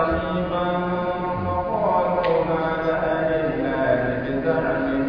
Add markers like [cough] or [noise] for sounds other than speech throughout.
فقالوا ما لنا إلا بزعمهم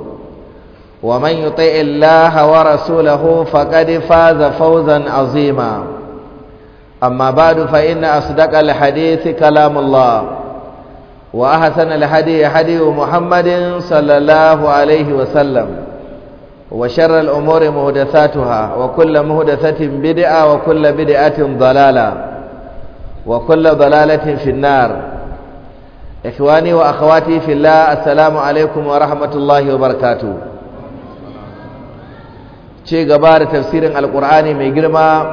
ومن يطع الله ورسوله فقد فاز فوزا عظيما أما بعد فإن أصدق الحديث كلام الله وأحسن الحديث حديث محمد صلى الله عليه وسلم وشر الأمور مهدثاتها وكل مهدثة بدعة وكل بدعة ضلالة وكل ضلالة في النار إخواني وأخواتي في الله السلام عليكم ورحمة الله وبركاته ce gaba da tafsirin alkur'ani mai girma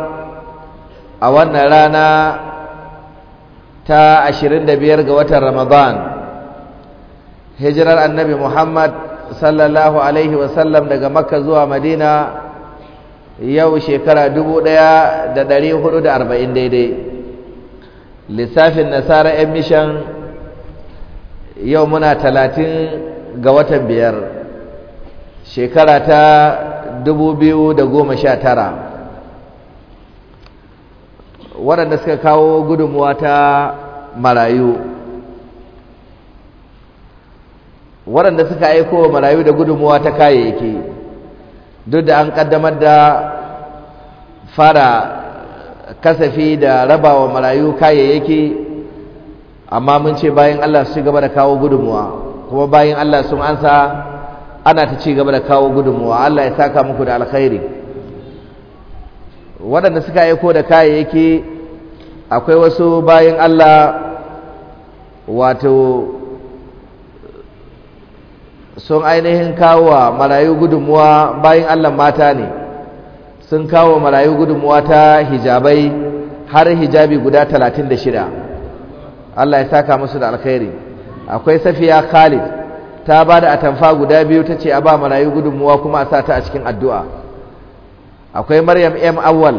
a wannan rana ta 25 ga watan ramadan hijirar annabi muhammad sallallahu alaihi wasallam daga makka zuwa madina yau shekara 1440 daidai lissafin nasara 'yan mishan yau muna 30 ga watan biyar shekara ta 2019 waɗanda suka kawo gudunmuwa ta marayu waɗanda suka aiko wa marayu da gudunmuwa ta kayayyaki duk da an ƙaddamar da fara kasafi da rabawa marayu kayayyaki amma mun ce bayan Allah su gaba da kawo gudunmuwa kuma bayan Allah sun ansa ana ta ci gaba da kawo gudunmuwa Allah ya saka muku da alkhairi waɗanda suka aiko da kayayyaki akwai wasu bayan Allah wato sun ainihin kawo wa marayu gudunmuwa bayan Allah mata ne sun kawo marayu gudunmuwa ta hijabai har hijabi guda talatin da shida Allah ya saka musu da alkhairi akwai safiya khalid ta ba da atamfa guda biyu ta ce a ba marayu gudunmuwa kuma a sa ta a cikin addu'a akwai maryam m awal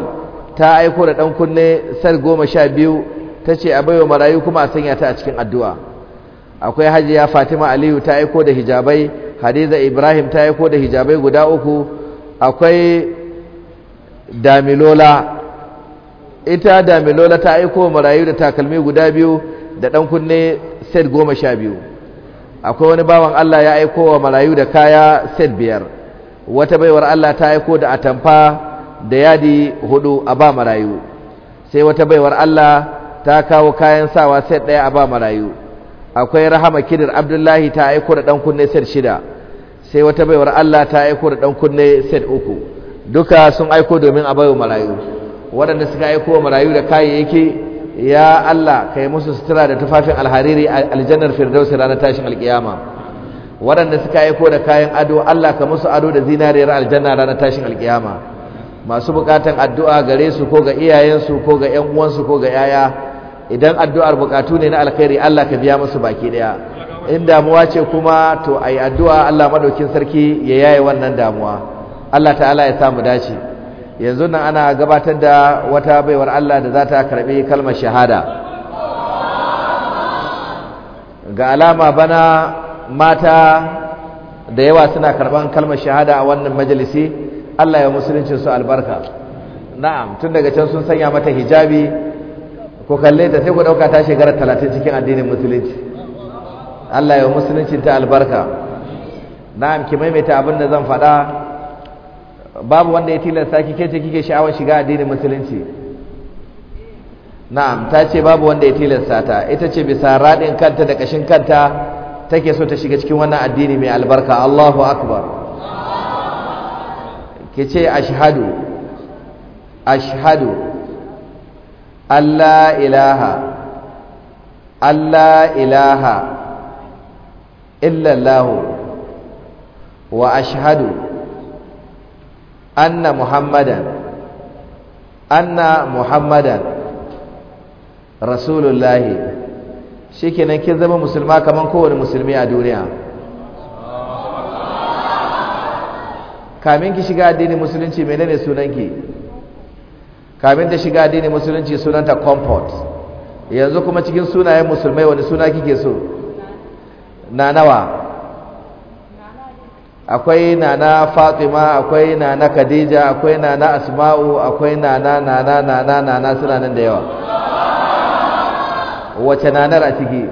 ta aiko da ɗan kunne sar goma sha biyu ta ce a baiwa marayu kuma a sanya ta a cikin addu'a akwai hajiya fatima aliyu ta aiko da hijabai hadiza ibrahim ta aiko da hijabai guda uku akwai damilola ita damilola ta aiko marayu da takalmi guda biyu da ɗan kunne sar goma sha biyu akwai wani bawan Allah ya aiko wa marayu da kaya set biyar wata baiwar Allah ta aiko da atamfa da yadi hudu a ba marayu sai wata baiwar Allah ta kawo kayan sawa set ɗaya a ba marayu akwai rahama kidir abdullahi ta aiko da ɗan kunne set shida sai wata baiwar Allah ta aiko da ɗankunne kunne set uku duka sun aiko domin a baiwa marayu waɗanda suka aiko wa marayu da kayayyaki ya Allah kai musu sutura da tufafin alhariri a aljannar firdausi ranar tashin alkiyama waɗanda suka aiko da kayan ado Allah ka musu ado da zinariyar aljanna ranar tashin alkiyama masu bukatan addu'a gare su ko ga iyayensu ko ga ƴan uwansu ko ga yaya idan addu'ar bukatu ne na alkhairi Allah ka biya musu baki daya in damuwa ce kuma to ai addu'a Allah madaukin sarki ya yaye wannan damuwa Allah ta'ala ya samu dace yanzu nan ana gabatar da wata baiwar Allah da za ta karɓi kalmar shahada ga alama bana mata da yawa suna karɓar kalmar shahada a wannan majalisi Allah ya musulunci su albarka na'am tun daga can sun sanya mata hijabi ko kalle ta sai ku ɗauka ta shekarar talatin cikin addinin musulunci Allah ya musulunci ta albarka na'am ki maimaita abin da zan faɗa babu wanda ya tilasta kike ce kike sha'awar shiga addinin musulunci na'am ta ce babu wanda ya tilasta ta ita ce bisa radin kanta da kashin kanta take so ta shiga cikin wannan addini mai albarka Allahu akbar ke ce ashhadu ashhadu Allah ilaha Allah ilaha illallahu wa ashhadu anna muhammadan anna muhammadan rasulullahi shikenan kin zama musulma kaman kowane musulmi a duniya kamin ki shiga addinin musulunci menene sunanki kamin ta shiga addinin musulunci sunanta comfort yanzu kuma cikin sunayen musulmai wani suna kike so na nawa akwai na na fatima akwai na na khadija akwai na na asma'u akwai na na na na na na suna nan da yawa wace nanar a ciki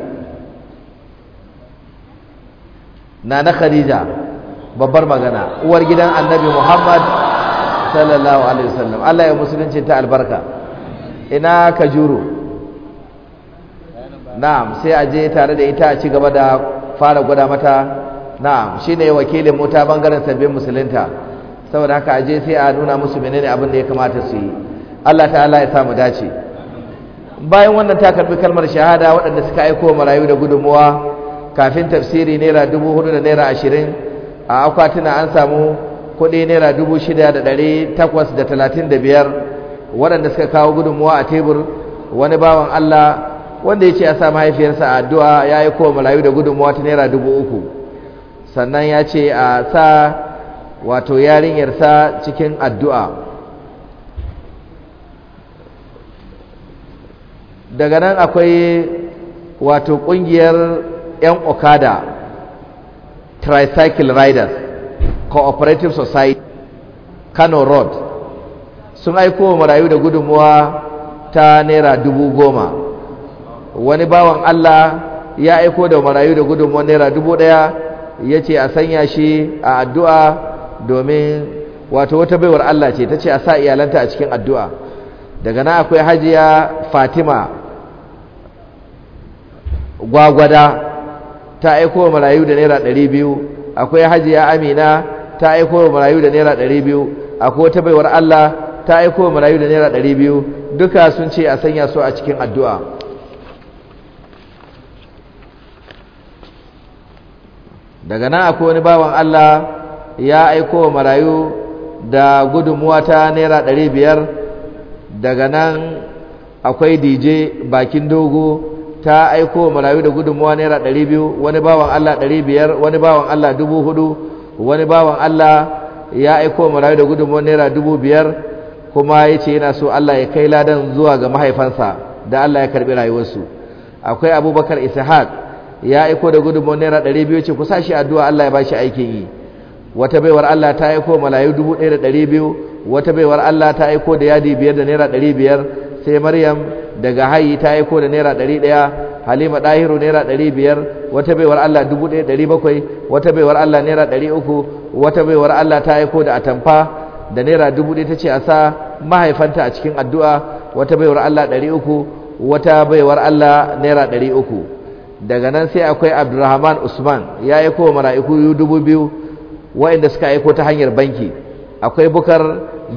na khadija babbar magana uwar gidan annabi muhammad sallallahu alaihi wasallam Allah ya musulunci ta albarka ina ka juro na'am sai a je tare da ita a ci gaba da fara gwada mata na'am shine wakilin mu ta bangaren sabbin musulunta saboda haka aje sai a nuna musu menene abin da ya kamata su yi Allah ta'ala ya samu dace bayan wannan ta karbi kalmar shahada waɗanda suka aiko marayu da gudunmuwa kafin tafsiri naira dubu hudu da naira ashirin a akwatuna an samu kuɗi naira dubu shida da ɗari takwas da talatin da biyar waɗanda suka kawo gudunmuwa a tebur wani bawan Allah wanda ya ce a sa mahaifiyarsa a addu'a ya aiko marayu da gudunmuwa ta naira dubu uku sannan ya ce a sa wato yarinyarsa cikin addu'a daga nan akwai wato ƙungiyar 'yan okada tricycle riders cooperative society kano road sun aiko marayu da gudunmuwa ta naira dubu goma wani bawan allah ya aiko da marayu da gudunmuwa naira dubu ɗaya ya ce a sanya shi a addu'a domin wato wata baiwar Allah ce ta ce a sa iyalanta a cikin addu'a daga na akwai hajiya fatima gwagwada ta aiko wa marayu da naira ɗari biyu akwai hajiya amina ta aiko wa marayu da naira ɗari biyu akwai wata baiwar Allah ta aiko wa marayu da naira ɗari biyu duka sun ce a sanya su a cikin addu'a daga nan akwai wani bawan Allah ya aiko wa marayu da gudunmuwa ta naira ɗari biyar daga nan akwai dj bakin dogo ta aiko wa marayu da gudunmuwa naira ɗari biyu wani bawan Allah ɗari biyar wani bawan Allah dubu hudu wani bawan Allah ya aiko wa marayu da gudunmuwa naira dubu biyar kuma ya ce yana so Allah ya kai ladan zuwa ga mahaifansa da Allah ya karɓi rayuwarsu akwai abubakar ishaq ya aiko da gudunmu naira ɗari biyu ce ku sa shi addu'a Allah ya ba shi aikin yi wata baiwar Allah ta aiko malayu dubu ɗaya da ɗari biyu wata baiwar Allah ta aiko da yadi biyar da naira ɗari biyar sai maryam daga hayi ta aiko da naira ɗari ɗaya halima ɗahiru naira ɗari biyar wata baiwar Allah dubu ɗaya ɗari bakwai wata baiwar Allah naira ɗari uku wata baiwar Allah ta aiko da atamfa da naira dubu ɗaya ta ce a sa mahaifanta a cikin addu'a wata baiwar Allah ɗari uku wata baiwar Allah naira ɗari uku daga nan sai akwai abdurrahman usman ya aiko mara'iku dubu biyu wa'inda suka aiko ta hanyar banki akwai bukar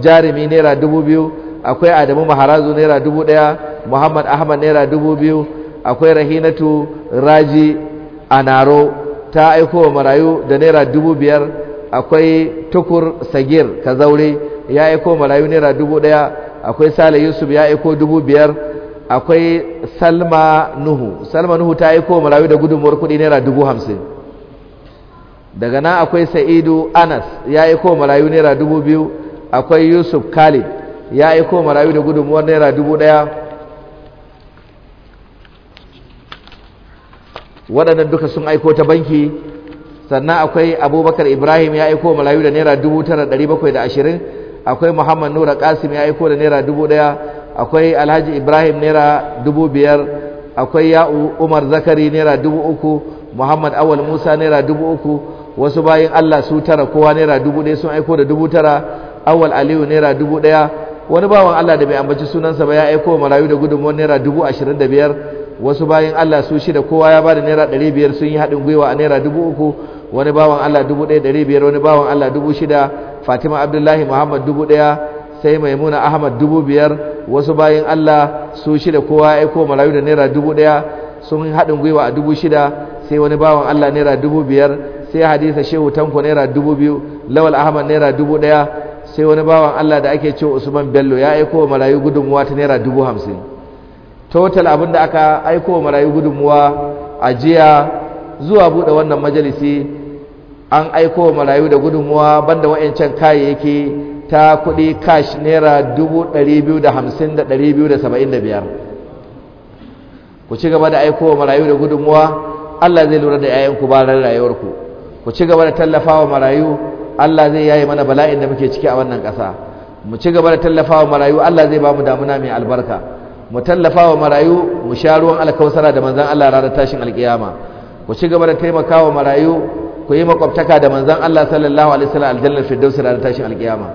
jarumi naira dubu biyu akwai adamu maharazu naira dubu ɗaya muhammad ahmad naira dubu biyu akwai rahinatu raji anaro ta aiko wa marayu da naira dubu biyar akwai tukur sagir kazaure ya aiko marayu naira dubu ɗaya akwai sale yusuf ya aiko dubu biyar akwai salma nuhu salma nuhu ta yi ko malawi da gudunmuwar kudi naira dubu hamsin daga nan akwai sa'idu anas ya yi ko malawi naira dubu biyu akwai yusuf khalid ya yi ko malawi da gudunmuwar naira dubu daya waɗannan duka sun aiko ta banki sannan akwai abubakar ibrahim ya aiko malawi da naira dubu tara ɗari bakwai da ashirin akwai muhammad nura kasim ya aiko da naira dubu ɗaya akwai alhaji ibrahim naira dubu biyar akwai ya'u umar zakari naira dubu uku muhammad awal musa naira dubu uku wasu bayan allah su tara kowa naira dubu ɗaya sun aiko da dubu tara awal aliyu naira dubu ɗaya wani bawan allah da bai ambaci sunansa ba ya aiko wa marayu da gudunmuwar naira dubu ashirin da biyar wasu bayan allah su shida kowa ya ba da naira ɗari biyar sun yi haɗin gwiwa a naira dubu uku wani bawan allah dubu ɗaya ɗari biyar wani bawan allah dubu shida fatima abdullahi muhammad dubu ɗaya sai maimuna ahmad dubu biyar wasu bayan allah su shida kowa ya aiko marayu da naira dubu ɗaya sun haɗin gwiwa a dubu shida sai wani bawan allah naira dubu biyar sai hadisa shehu tanko naira dubu biyu lawal ahmad naira dubu daya sai wani bawan allah da ake ce usman bello ya aiko wa marayu gudunmuwa ta naira dubu hamsin total abin da aka aiko wa marayu gudunmuwa a jiya zuwa buɗe wannan majalisi an aiko wa marayu da gudunmuwa banda wa'ancan kayayyaki ta kuɗi cash naira 250,275 ku ci gaba da wa marayu da gudunmuwa Allah zai lura da 'ya'yanku bayan rayuwarku ku ci gaba da tallafawa marayu Allah zai yaye mana bala'in da muke ciki a wannan ƙasa mu ci gaba da tallafawa marayu Allah zai ba mu damuna mai albarka mu tallafawa marayu mu sha ruwan alkausara da manzon Allah ranar tashin alkiyama ku ci gaba da taimakawa marayu ku yi makwabtaka da manzon Allah sallallahu alaihi wasallam aljannar firdaus ranar tashin alkiyama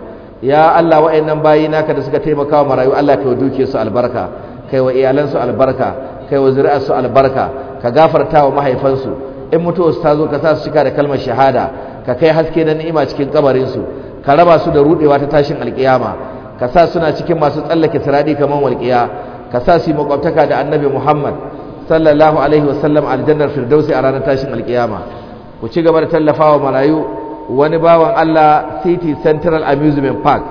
ya Allah wa'annan bayi naka da suka taimaka wa marayu Allah ka wa su albarka kai wa iyalansu albarka kai wa su albarka ka gafarta wa mahaifansu in mutuwarsu ta zo ka sa su cika da kalmar shahada ka kai haske na ni'ima cikin kabarinsu ka raba su da rudewa ta tashin alkiyama ka sa suna cikin masu tsallake siradi kamar walƙiya ka sa su yi makwabtaka da annabi muhammad sallallahu alaihi wasallam aljannar firdausi a ranar tashin alkiyama ku ci gaba da tallafawa marayu wani bawan Allah City Central Amusement Park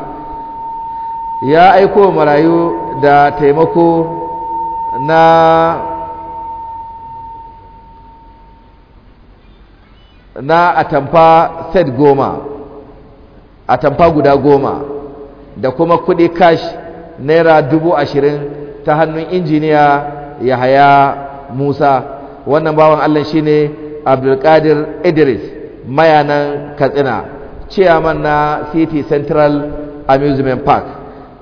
ya aiko marayu da taimako na na atamfa set goma atamfa guda goma da kuma kudi cash naira dubu ashirin ta hannun injiniya yahaya musa wannan bawan allah shine abdulkadir idris mayanan katsina ciyaman na city central amusement park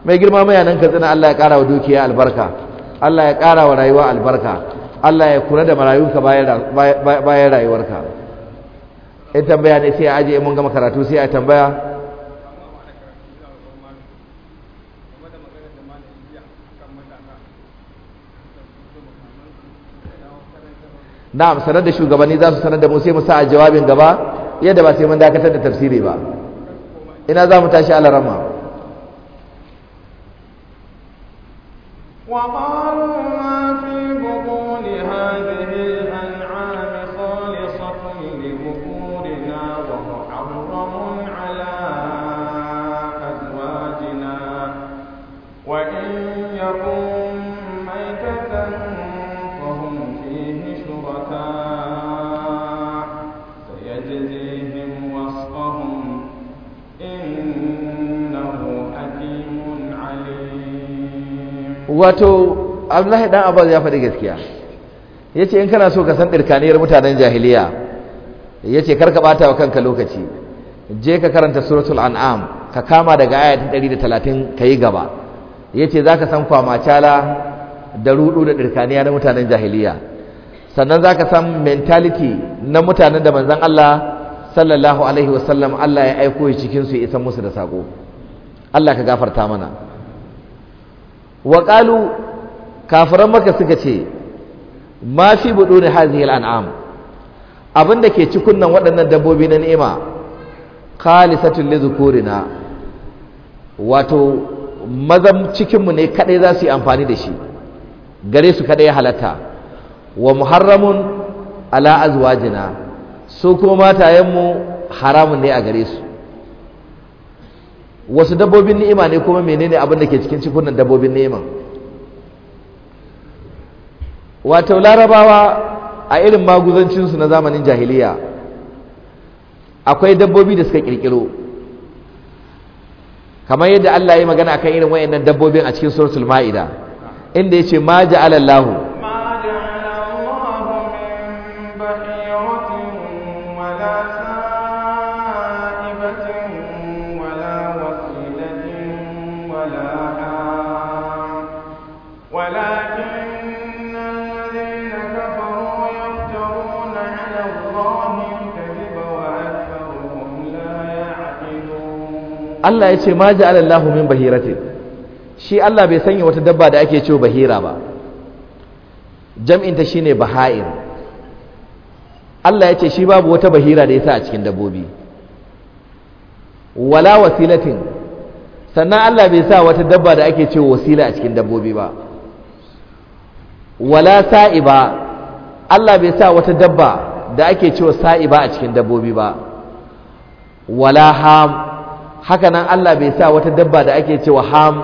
mai girma mayanan katsina allah ya kara wa dukiya albarka allah ya kara wa rayuwa albarka allah ya kula da marayunka bayan rayuwarka in tambaya ne sai a ajiye mun gama karatu sai a tambaya na'am sanar da shugabanni za su sanar da mu sai mu sa a jawabin gaba yadda ba sai mun dakatar da tafsiri ba ina za mu tashi alarama wa wato abdullahi dan abbas ya faɗi gaskiya yace in kana so ka san ɗirkaniyar mutanen jahiliya yace ce karka ɓata wa kanka lokaci je ka karanta suratul an'am ka kama daga da talatin ka yi gaba yace ce za ka san kwamacala da ruɗu da ɗirkaniya na mutanen jahiliya sannan za ka san mentality na mutanen da manzan Allah sallallahu alaihi wasallam Allah ya aiko shi su ya isan musu da saƙo Allah ka gafarta mana wa qalu kafiran maka suka ce ma fi buduni hadhihi al'am abinda ke cikin nan waɗannan dabbobi na ni'ima khalisatul Rina wato mazan cikinmu ne kadai za su yi amfani da shi gare su kadai halatta wa muharramun ala azwajina su kuma matayenmu haramun ne a gare su wasu dabbobin ni'ima ne kuma menene abin da ke cikin nan dabbobin ni'ima wato larabawa a irin maguzancinsu na zamanin jahiliya akwai dabbobi da suka kirkiro kamar yadda Allah ya magana akan irin wayannan dabbobin a cikin suratul ma'ida inda yace ma ja'alallahu Allahu Allah ya ce ma ja'ala Allahu min bahiratin shi Allah bai sanya wata dabba da ake cewa bahira ba jam'in ta shine baha'ir Allah ya ce shi babu wata bahira da yasa a cikin dabbobi wala wasilatin sannan Allah bai sa wata dabba da ake cewa wasila a cikin dabbobi ba wala sa'iba Allah bai sa wata dabba da ake cewa sa'iba a cikin dabbobi ba wala ham haka nan Allah bai sa wata dabba da ake cewa ham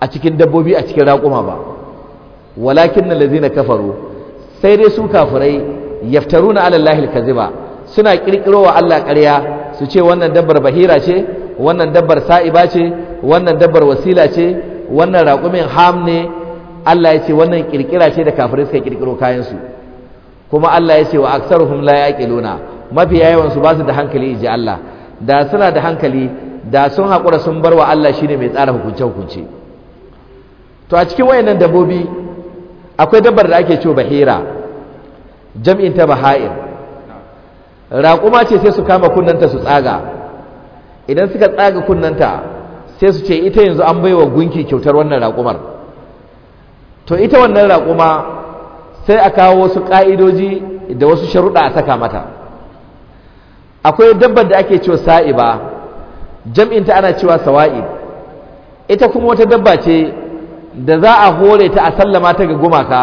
a cikin dabbobi a cikin raƙuma ba walakin na lazina kafaru sai dai su kafirai yaftaruna ala lahil kaziba suna ƙirƙiro wa Allah ƙarya su ce wannan dabbar bahira ce wannan dabbar sa'iba ce wannan dabbar wasila ce wannan raƙumin ham ne Allah ya ce wannan ƙirƙira ce da kafirai suka ƙirƙiro kayansu kuma Allah ya ce wa aksaruhum la yaqiluna mafi yawan su ba su da hankali ji Allah da suna da hankali da sun haƙura sun bar wa Allah shi ne mai tsara hukunce-hukunce to a cikin wayannan dabbobi akwai dabbar da ake cewa bahira jam'in ta baha'ir raƙuma ce sai su kama kunnanta su tsaga idan suka tsaga kunnanta sai su ce ita yanzu an baiwa gunki kyautar wannan raƙumar to ita wannan raƙuma sai a kawo wasu ƙa'idoji da wasu sharuɗa a saka mata akwai dabbar da ake cewa sa'iba jam'inta ana cewa sawa'i ita kuma wata dabba ce da za a hore ta a sallama ta ga gumaka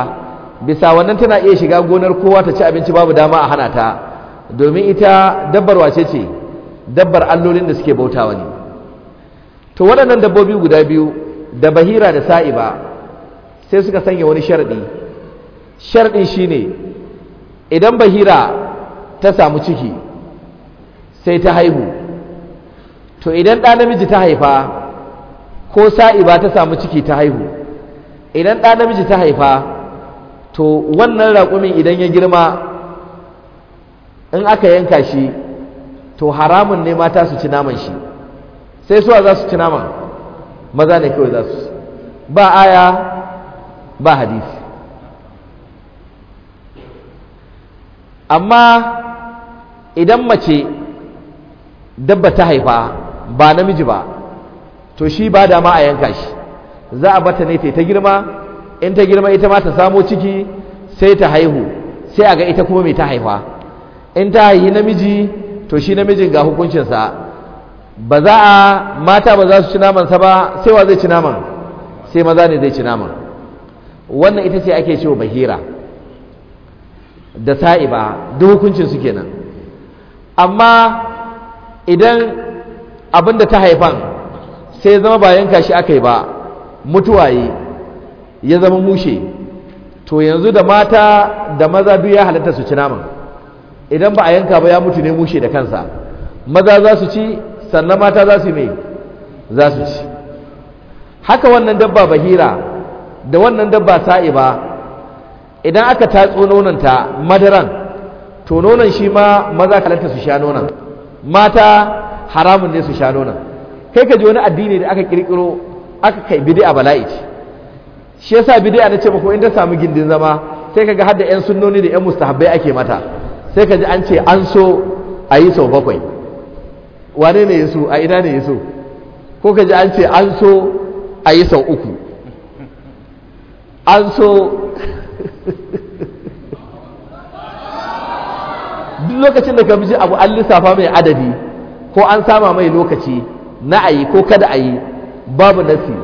bisa wannan tana iya shiga gonar kowa ta ci abinci babu dama a hana ta domin ita dabbar wace ce dabbar allolin da suke bauta wani to waɗannan dabbobi guda biyu da bahira da sa'iba sai suka sanya wani sharɗi sharɗin shine idan bahira ta samu ciki sai ta haihu to idan ɗa namiji ta haifa ko sa'i ba ta samu ciki ta haihu idan ɗa namiji ta haifa to wannan raƙumin idan ya girma in aka yanka shi to haramun ne mata su ci naman shi sai suwa za su ci naman maza ne kawai za su ba aya ba hadisi amma idan mace dabba ta haifa ba namiji ba to shi ba da ma a yanka shi za a bata ne ta ta girma in ta girma ita ma ta samo ciki sai ta haihu sai a ga ita kuma mai ta haifa in ta haihi namiji to shi namijin ga hukuncinsa ba za a mata ba za su ci naman sa ba sai wa zai ci naman sai maza ne zai ci naman wannan ita ce ake cewa bahira da sa'i ba duk hukuncin su kenan amma idan abin da ta haifan sai zama ba yanka shi aka yi ba mutuwaye ya zama mushe to yanzu da mata da maza biyu ya halatta su ci naman idan ba a yanka ba ya mutu ne mushe da kansa maza za su ci sannan mata za su yi mai za su ci haka wannan dabba bahira da wannan dabba sa'i ba idan aka tatso nonanta madaran to nonon shi ma maza halatta su sha nonon mata haramun ne su sha nonon kai ka ji wani addini da aka kirkiro aka kai bid'a bala'i ce shi yasa bid'a na ce ko in ta samu gindin zama sai ka ga hadda yan sunnoni da yan mustahabbai ake mata sai ka ji an ce an so a yi sau bakwai wane ne so? a ina ne so? ko ka ji an ce an so a yi sau uku an so [laughs] duk lokacin da ka ji abu an lissafa mai adadi ko an sama mai lokaci na ayi ko kada ayi babu nasi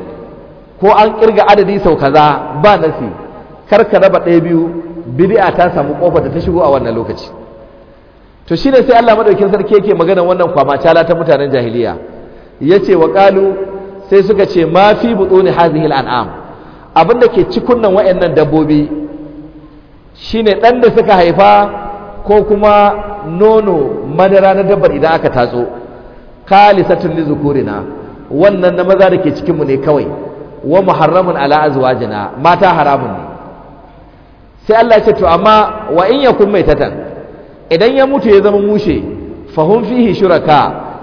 ko an kirga adadi sau kaza ba nasi kar ka raba ɗaya biyu bid'a ta samu kofar da ta shigo a wannan lokaci to shine sai Allah madaukin sarki yake magana wannan kwama ta mutanen jahiliya yace wa qalu sai suka ce ma fi butuni hadhihi al'am abinda ke cikunnan wayannan dabbobi shine dan da suka haifa ko kuma nono madara na dabbar idan aka tatso khalisatun li zukurina wannan na maza da ke cikinmu ne kawai wa muharramun ala azwajina mata haramun ne sai Allah ce to amma wa in yakun tatan idan ya mutu ya zama mushe fahum fihi shuraka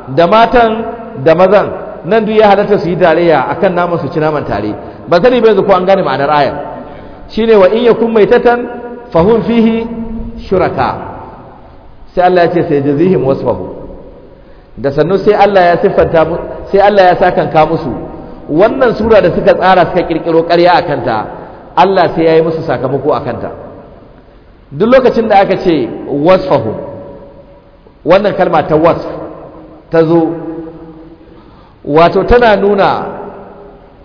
da matan da mazan nan duk ya halatta su yi tarayya akan naman su ci naman tare ba sani ba yanzu ko an gane ma'anar ayar shine wa in yakun tatan fahum fihi shuraka sai Allah ya ce sai jazihim wasfahu da sannu sai Allah ya siffanta sai Allah ya ka musu wannan sura da suka tsara suka kirkiro ƙarya a kanta Allah sai ya yi musu sakamako a kanta duk lokacin da aka ce wasfahu wannan kalma ta wasf ta zo wato tana nuna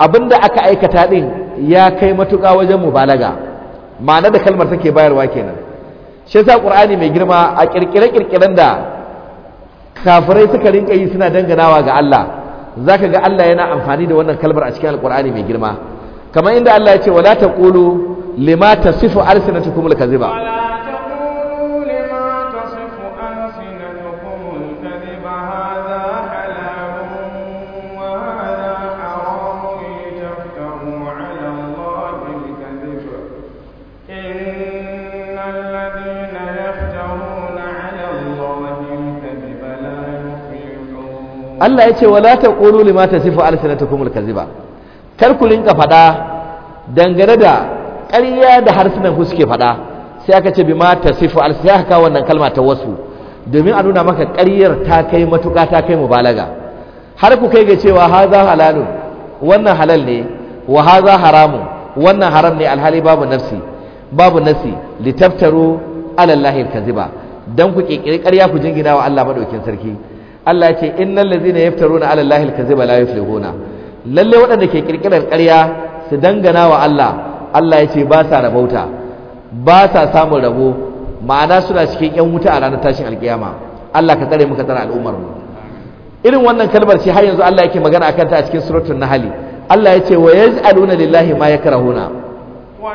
abinda aka aikata din ya kai matuka wajen mubalaga ma'ana da kalmar take bayarwa kenan shi yasa qur'ani mai girma a kirkire-kirkiren da kafirai suka rinka yi suna danganawa ga Allah zaka ga Allah yana amfani da wannan kalmar a cikin alqur'ani mai girma kamar inda Allah ya ce wala taqulu lima tasifu alsinatukum alkaziba Allah ya ce wala taqulu lima tasifu alsinatukum alkaziba kar ku rinka faɗa dangane da ƙarya da harsunan ku suke faɗa sai aka ce bima tasifu sai aka wannan kalma ta wasu domin a nuna maka ƙaryar ta kai matuƙa ta kai mubalaga har ku kai ga cewa haza halalu wannan halal ne wa haza haramu wannan haram ne alhali babu nafsi babu nafsi litaftaru alallahi alkaziba dan ku kirkiri ƙarya ku jingina wa Allah madaukin sarki Allah ce innal ladzina yaftaruna ala allahi alkaziba la yuflihuna lalle waɗanda ke kirkirar ƙarya su dangana wa Allah Allah ya ce ba sa rabauta ba sa samun rabo ma'ana suna cikin yan wuta a ranar tashin alƙiyama Allah ka tsare muka tsare al'ummar mu irin wannan kalmar ce har yanzu Allah yake magana akan ta a cikin suratul nahl Allah ya ce wa yaj'aluna lillahi ma yakrahuna wa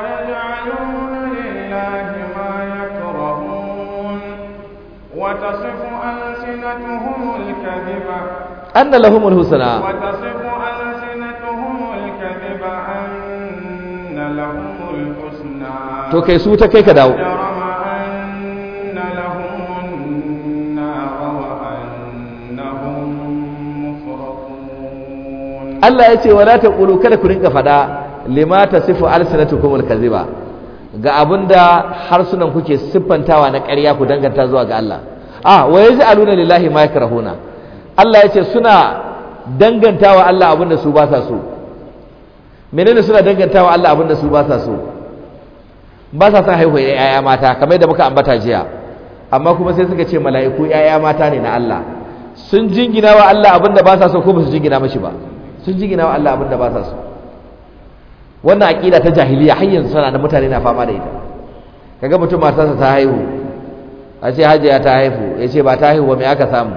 anna lahumul husna to kai su ta kai ka dawo Allah ya ce walata taqulu kada ku rinka fada lima tasifu alsinatukum alkaziba ga abinda harsunan kuke siffantawa na ƙarya ku danganta zuwa ga Allah ah wa aluna lillahi ma yakrahuna Allah ya ce suna dangantawa Allah abin da su ba sa so menene suna dangantawa Allah abin da su ba sa so ba sa son haihuwa ‘ya'ya mata kamar da muka ambata jiya amma kuma sai suka ce mala'iku ‘ya'ya mata ne na Allah sun jingina wa Allah abin da ba sa so ko ba su jingina mashi ba sun jingina wa Allah abin da ba sa so wannan aƙida ta jahiliya har yanzu sana da mutane na fama da ita kaga mutum matarsa ta haihu a ce hajiya ta haihu ya ce ba ta haihu ba me aka samu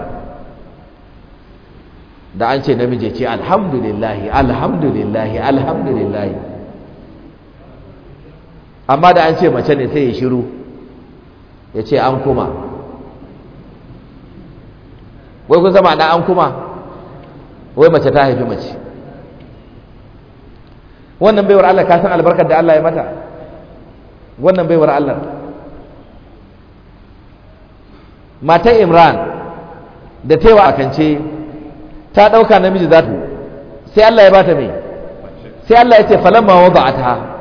da an ce namiji ce alhamdulillahi alhamdulillahi alhamdulillahi amma da an ce mace ne sai ya shiru ya ce an kuma wai kun zama na an kuma wai mace ta haifi mace wannan baiwar Allah ka san albarkar da Allah ya mata wannan baiwar Allah matan imran da taiwa ce. ta ɗauka namiji za ta sai Allah ya bata mai sai Allah ya ce falamma wada'ata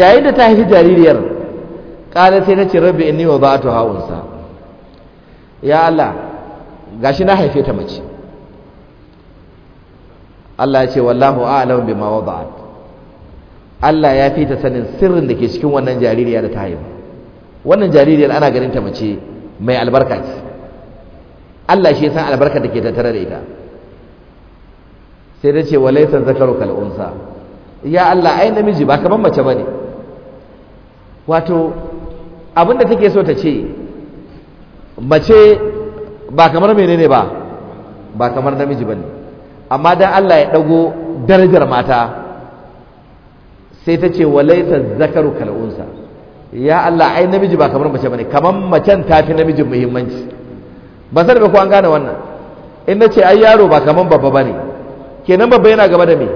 yayin da ta haifi jaririyar ƙala sai na ce rabbi inni wa ba ta hawunsa ya Allah ga shi na haife ta mace Allah ya ce wallahu a'lam bima wada'at Allah ya fi ta sanin sirrin da ke cikin wannan jaririya da ta haifa wannan jaririyar ana ganin ta mace mai albarka ce Allah shi ya san albarkar da ke tattare da ita sai da ce walaisa zakaru kal unsa ya Allah ai namiji ba kaman mace bane wato abinda take so ta ce mace ba kamar menene ba ba kamar namiji ba ne amma dan Allah ya ɗago darajar mata sai ta ce walaita zakaru kal'unsa ya Allah ai namiji ba kamar mace ba ne kamar macen ta fi namijin muhimmanci ba sani ba ko an gane wannan in na ce ai yaro ba kamar babba ba ne kenan babba yana gaba da me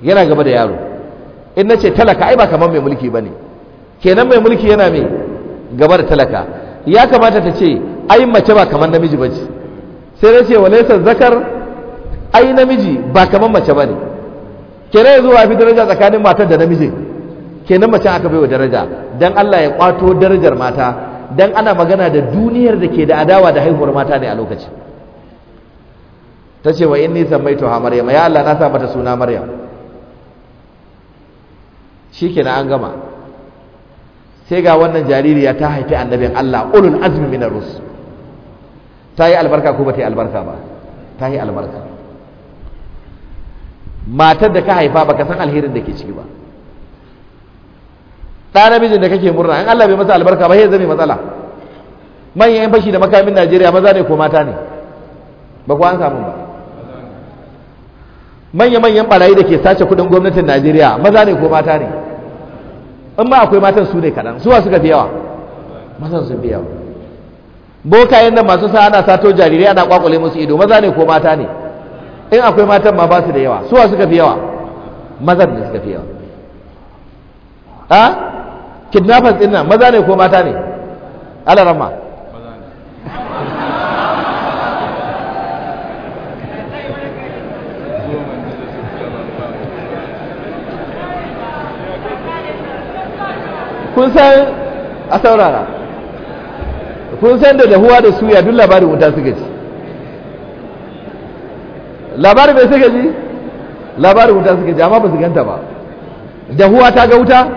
yana gaba da yaro in na ce talaka ai ba kamar mai mulki ba ne kenan mai mulki yana mai gaba da talaka ya kamata ta ce ai mace ba kamar namiji ba ce sai dai ce walaisa zakar ai namiji ba kamar mace ba ne kenan yanzu fi daraja tsakanin matar da namijin kenan mace aka baiwa daraja dan Allah ya kwato darajar mata dan ana magana da duniyar da ke da adawa da haihuwar mata ne a lokaci ta ce wa inni sammaitu ha maryam ya Allah na sa mata suna maryam shikenan an gama sai ga wannan jaririya ta haifi annabin Allah ulul azmi min rus ta yi albarka ko ba ta yi albarka ba ta yi albarka matar da ka haifa ba ka san alherin da ke ciki ba ɗa namijin da kake murna in Allah bai masa albarka ba sai zame matsala manyan fashi da makamin Najeriya maza ne ko mata ne ba ku an samu ba manya-manyan barayi da ke sace kudin gwamnatin Najeriya maza ne ko mata ne in ma akwai matan su ne kaɗan suwa suka fi yawa mazan sun fi yawa bokayen da masu sa ana sato jarirai ana kwakwale musu ido maza ne ko mata ne in akwai matan ma ba su da yawa suwa suka fi yawa mazan da suka fi yawa ha kidnappers din nan maza ne ko mata ne alarama kun san a saurara kun san da dahuwa da suya duk labarin wuta suka ji labarin mai suka ji labarin wuta suka ji amma ba su ganta ba dahuwa ta ga wuta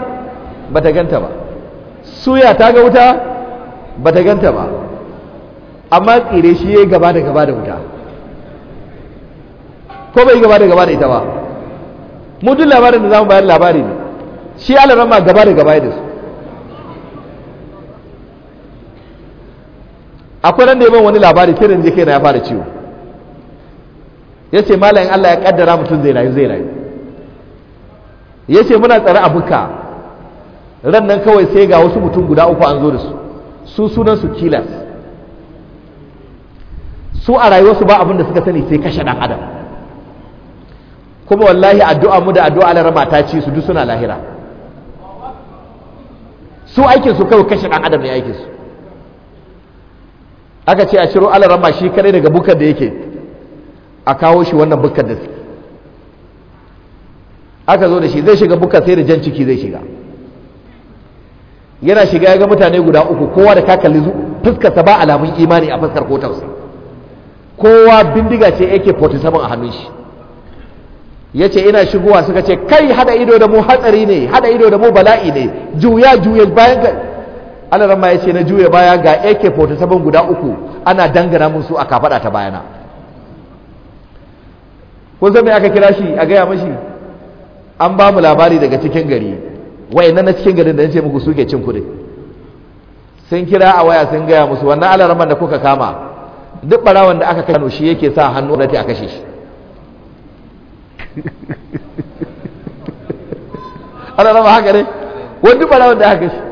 ba ta ganta ba suya ta ga wuta ba ta ganta ba amma tsire shi ya gaba da gaba da wuta ko bai gaba da gaba da ita ba mu duk labarin da za mu bayar labari ne shi alaran ma gaba da gaba da su akwai nan da ban wani labari sai da je kai na ya fara ciwo ya ce malayin Allah ya kaddara mutum zai rayu zai rayu ya ce muna tsare a buka ran nan kawai sai ga wasu mutum guda uku an zo da su su sunan su kilas su a rayuwarsu ba abin da suka sani sai kashe dan adam kuma wallahi addu'a mu da addu'a alarama ta ci su duk suna lahira su aikin su kawai kashe dan adam ne aikin su aka ce a ciro rama shi kadai daga bukar da yake a kawo shi wannan bukar da aka zo da shi zai shiga bukar sai da jan ciki zai shiga yana shiga ya ga mutane guda uku kowa da kakalli sa ba alamun imani a fuskar kotarsa kowa bindiga ce yake 47 a hannun shi ya ce ina shigowa suka ce kai hada ido da mu hatsari ne hada ido da mu bala'i ne juya juya bayan Allah ramma ya ce na juya baya ga AK47 guda uku ana dangana musu a kafada ta bayana kun san me aka kira shi a gaya mashi an ba mu labari daga cikin gari wai na cikin garin da nace muku suke cin kudi sun kira a waya sun gaya musu wannan alaramman da kuka kama duk barawan da aka kano shi yake sa hannu rati a kashe shi [laughs] alarama haka ne wani duk barawan da aka kashe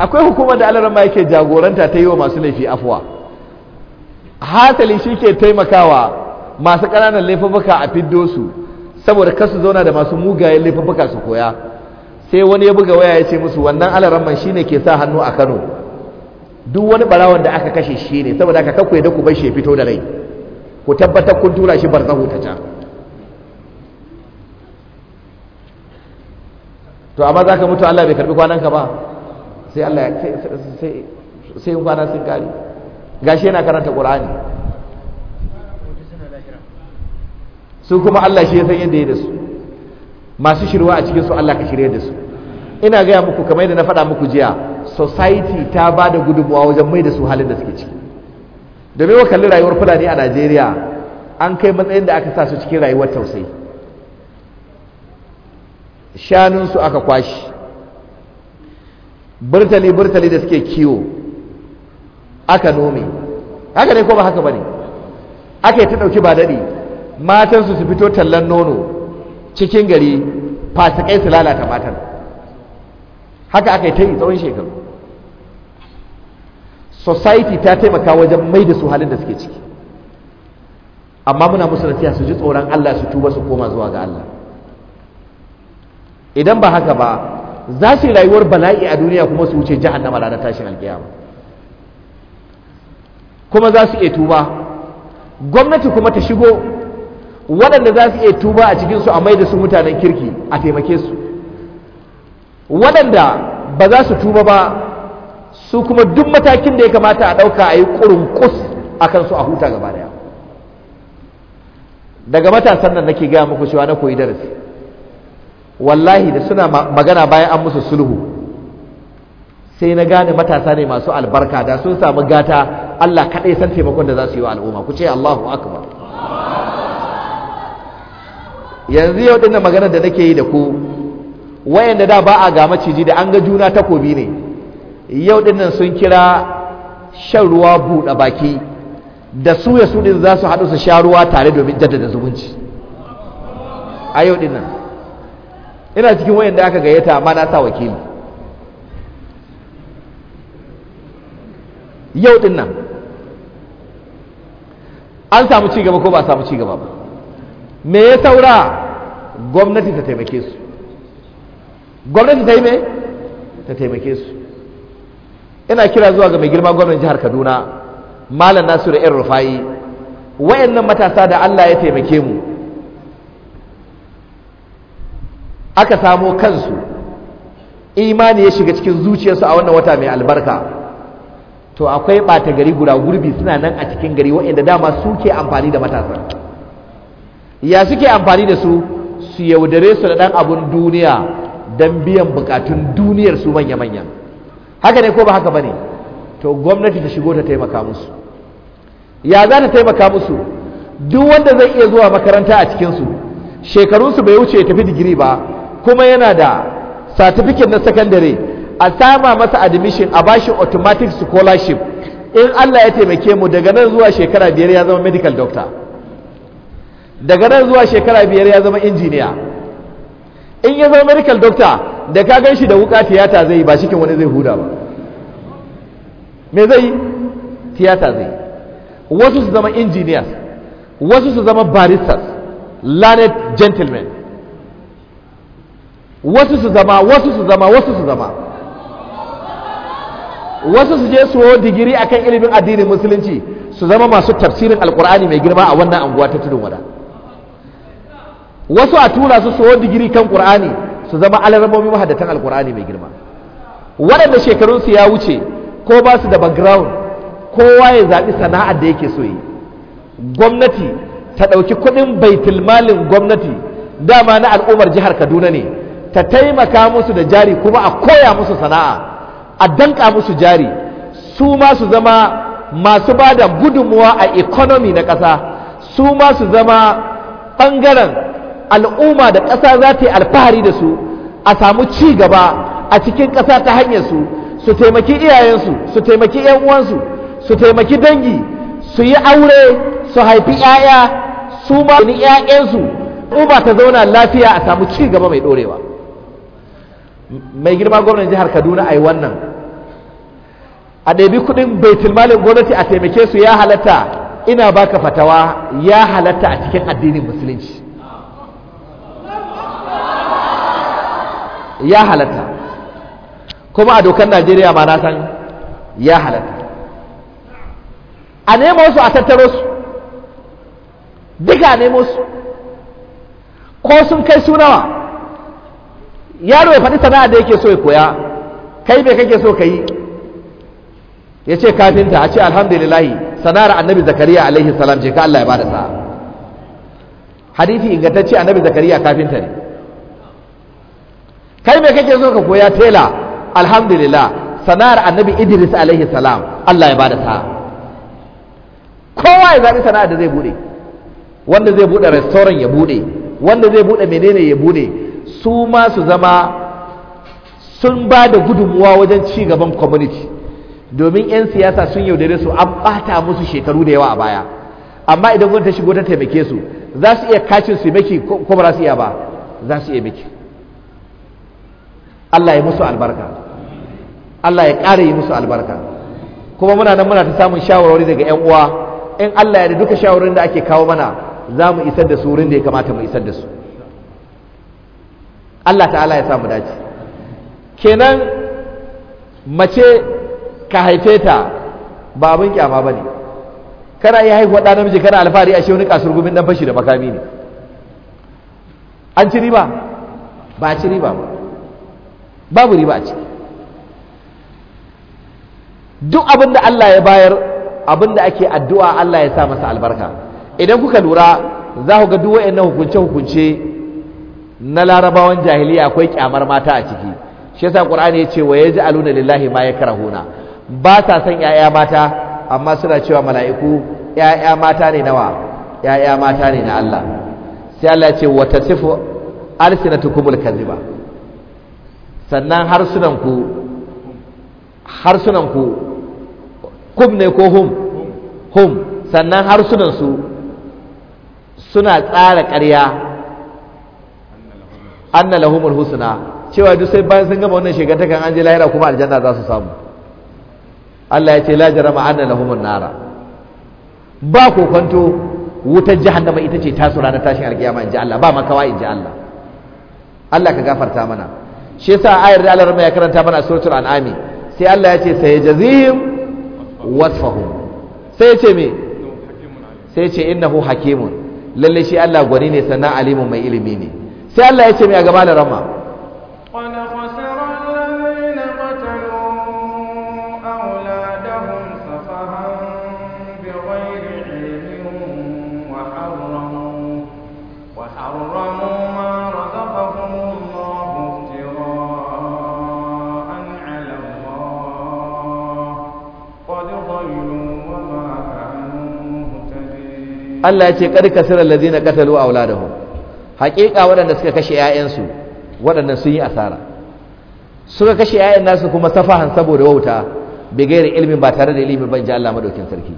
akwai hukumar da alarama yake jagoranta ta yi wa masu laifi afuwa hasali shi ke taimakawa masu ƙananan laifuka a fiddo su saboda kasu zauna da masu mugayen laifuka su koya sai wani ya buga waya ya ce musu wannan alaraman shi ne ke sa hannu a kano duk wani barawan da aka kashe shi ne saboda aka kakwai da ku bai shi fito da rai ku tabbatar kun tura shi barzahu ta can to amma za mutu allah bai karbi kwanan ka ba sai Allah ya sai sai kwana sun kari gashi yana karanta ƙura'ani su kuma Allah shi ya san yadda ya da su masu shirwa a cikinsu Allah ka shirya da su ina gaya muku kamar yadda na faɗa muku jiya society ta ba da gudunmuwa wajen mai da su halin da suke ciki domin wa kalli rayuwar fulani a Najeriya an kai matsayin da aka sa su cikin rayuwar tausayi shanunsu aka kwashi burtali burtali da suke kiwo aka nome haka ne ko ba haka bane aka yi ta dauki ba dadi matan su su fito tallan nono cikin gari fasikai su lalata matan haka aka yi ta yi tsawon shekaru society ta taimaka wajen mai da su halin da suke ciki amma muna musu nasiha su ji tsoron Allah su tuba su koma zuwa ga Allah idan ba haka ba za su rayuwar bala'i a duniya kuma su wuce jahannama ranar tashin alkiyama kuma za su iya tuba gwamnati kuma ta shigo waɗanda za su iya tuba a cikinsu a mai da su mutanen kirki a taimake su waɗanda ba za su tuba ba su kuma duk matakin da ya kamata a ɗauka a yi ƙurunkus a kansu a huta gaba daya daga matasan nan nake gaya muku cewa na koyi darasi wallahi da suna magana bayan an musu sulhu sai na gane matasa ne masu albarka da sun samu gata Allah kaɗai san taimakon da za su yi wa al'umma ku ce Allahu akbar yanzu yau dinnan magana da nake yi da ku wayanda da ba a ga maciji da an ga juna takobi ne yau dinnan sun kira shan ruwa buɗe baki da su ya su din za su haɗu su sha ruwa tare domin jaddada zumunci a yau dinnan ina cikin wayan da aka gayyata amma na sa wakili yau din nan an samu cigaba ko ba samu cigaba ba me ya saura gwamnati ta taimake su gwamnati ta yi me ta taimake su ina kira zuwa ga mai girma gwamnan jihar kaduna malam nasiru yan rufayi wayannan matasa da allah ya taimake mu aka samo kansu imani ya shiga cikin zuciyarsu a wannan wata mai albarka to akwai ɓata gari guda gurbi suna nan a cikin gari waɗanda dama suke amfani da matasa ya suke amfani da su su yaudare su da ɗan abun duniya don biyan bukatun duniyar su manya-manya haka ne ko ba haka ba ne to gwamnati ta shigo ta taimaka musu ya za ta taimaka musu duk wanda zai iya zuwa makaranta a cikinsu shekarunsu bai wuce ya tafi digiri ba kuma yana da certificate na secondary a sama masa admission a bashi automatic scholarship in Allah ya taimake mu daga nan zuwa shekara biyar ya zama medical doctor daga nan zuwa shekara biyar ya zama injiniya in ya zama medical doctor da ka gan shi da wuka tiyata zai ba cikin wani zai huda ba me zai tiyata zai wasu su zama engineers wasu su zama baristas learned gentlemen wasu su zama wasu su zama wasu su zama wasu su je suwo digiri akan ilimin addinin musulunci su zama masu tafsirin alkur'ani mai girma a wannan anguwa ta tudun wada wasu a tura su suwo digiri kan qur'ani su zama alarabomi mahaddatan alkur'ani mai girma waɗanda shekarunsu ya wuce ko ba su da background kowa ya zaɓi sana'ar da yake so yi gwamnati ta ɗauki kuɗin baitulmalin gwamnati dama na al'ummar jihar kaduna ne ta taimaka musu da jari kuma a koya musu sana'a a danka musu jari su ma su zama masu ba da gudunmuwa a ikonomi na ƙasa su ma su zama ɓangaren al'umma da ƙasa za ta yi alfahari da su a samu ci gaba a cikin ƙasa ta hanyar su su taimaki iyayensu su taimaki 'yan uwansu su taimaki dangi su yi aure su haifi 'ya'ya su ma 'ya'yansu uba ta zauna lafiya a samu ci gaba mai ɗorewa mai girma gwamnan jihar kaduna a yi wannan a ɗabi kuɗin baitulmalin gwamnati a taimake su ya halatta ina baka fatawa ya halatta a cikin addinin musulunci ya halatta kuma a dokar najeriya ma na san ya halatta a nemo su a tattaro su duka a nemo su ko sun kai su nawa yaro ya faɗi sana'a da yake so ya koya kai me kake so ka yi ya ce kafinta a ce alhamdulillahi sana'ar annabi zakariya alaihi salam ce ka Allah ya bada sa'a hadisi ingantacce annabi zakariya kafinta ne kai me kake so ka koya tela alhamdulillah sana'ar annabi idris alaihi salam Allah ya bada sa'a kowa ya zaɓi sana'ar da zai bude wanda zai bude restaurant ya bude wanda zai bude menene ya bude su ma su zama sun ba da gudunmuwa wajen ci gaban community domin 'yan siyasa sun yaudare su an ɓata musu shekaru da yawa a baya amma idan gwamnati ta shigo ta taimake su za su iya kacin su miki ko ba su iya ba za su iya miki Allah ya musu albarka Allah ya ƙara yi musu albarka kuma muna nan muna ta samun shawarwari daga 'yan uwa in Allah ya da duka shawarwarin da ake kawo mana za mu isar da su wurin da ya kamata mu isar da su Allah ta'ala ya samu dace kenan mace ka haife ta ba abin kyama ba ne kana iya haihuwa ɗa namiji kana alfahari a wani kasar gumin dan fashi da makami ne an ci riba ba a ci riba ba babu riba a ciki duk abin da Allah ya bayar abin da ake addu'a Allah ya sa masa albarka idan kuka lura za ku ga duk na hukunce-hukunce na larabawan jahiliya akwai kyamar mata a ciki shi yasa qur'ani ya ce wa yaj'aluna lillahi ma yakrahuna ba sa son yaya mata amma suna cewa mala'iku yaya mata ne nawa yaya mata ne na Allah sai Allah ya ce wa tasifu alsinatukumul kadhiba sannan harsunan ku harsunan ku kum ne ko hum hum sannan harsunansu su suna tsara ƙarya anna lahumul husna cewa duk sai bayan sun gama wannan ta kan je lahira kuma aljanna za su samu Allah ya ce la jarama anna lahumun nara ba ko kwanto wutar jahannama ita ce tasu ranar tashin alkiyama inji Allah ba makawa inji Allah Allah ka gafarta mana shi yasa ayar da Allah ya karanta mana suratul an'ami sai Allah ya ce sayajazihim wasfahum sai ya ce me sai ya ce innahu hakimun lalle shi Allah gwani ne sannan alimun mai ilimi ne sai Allah ya ce mai a gaba da rama Allah ya ce kar kasirar lazina da auladahum haƙiƙa waɗanda suka kashe 'ya'yansu waɗanda sun yi asara suka kashe 'ya'yan nasu kuma safahan saboda wauta bigayar ilmin ba tare da ilimin banji Allah madaukin sarki